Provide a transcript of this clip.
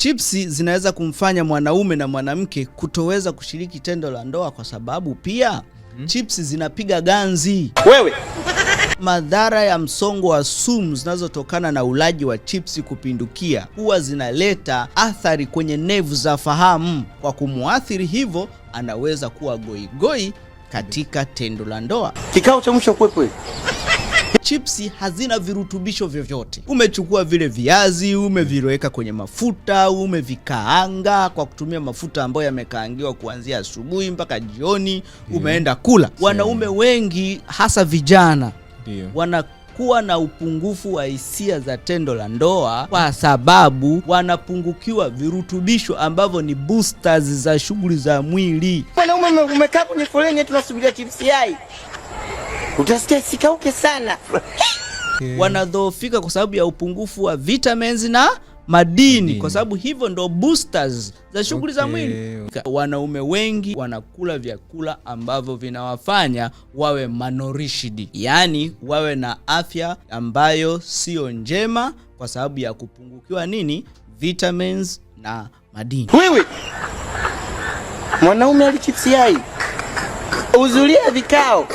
Chipsi zinaweza kumfanya mwanaume na mwanamke kutoweza kushiriki tendo la ndoa kwa sababu pia hmm, chipsi zinapiga ganzi. Wewe madhara ya msongo wa sumu zinazotokana na ulaji wa chipsi kupindukia huwa zinaleta athari kwenye nevu za fahamu. Kwa kumwathiri hivyo, anaweza kuwa goigoi goi katika tendo la ndoa. Kikao cha mwisho kwepwe chipsi hazina virutubisho vyovyote. Umechukua vile viazi umeviweka kwenye mafuta, umevikaanga kwa kutumia mafuta ambayo yamekaangiwa kuanzia asubuhi mpaka jioni, mhm. umeenda kula. Wanaume wengi hasa vijana wana kuwa na upungufu wa hisia za tendo la ndoa kwa sababu wanapungukiwa virutubisho ambavyo ni boosters za shughuli za mwili. Mwanaume umekaa kwenye foleni tunasubiria chipsi yai utasikia sikauke sana Wanadhoofika kwa sababu ya upungufu wa vitamins na madini kwa sababu hivyo ndo boosters za shughuli okay, za mwili. Wanaume wengi wanakula vyakula ambavyo vinawafanya wawe malnourished, yaani wawe na afya ambayo siyo njema kwa sababu ya kupungukiwa nini, vitamins na madini. Wewe mwanaume alichipsi uzulia vikao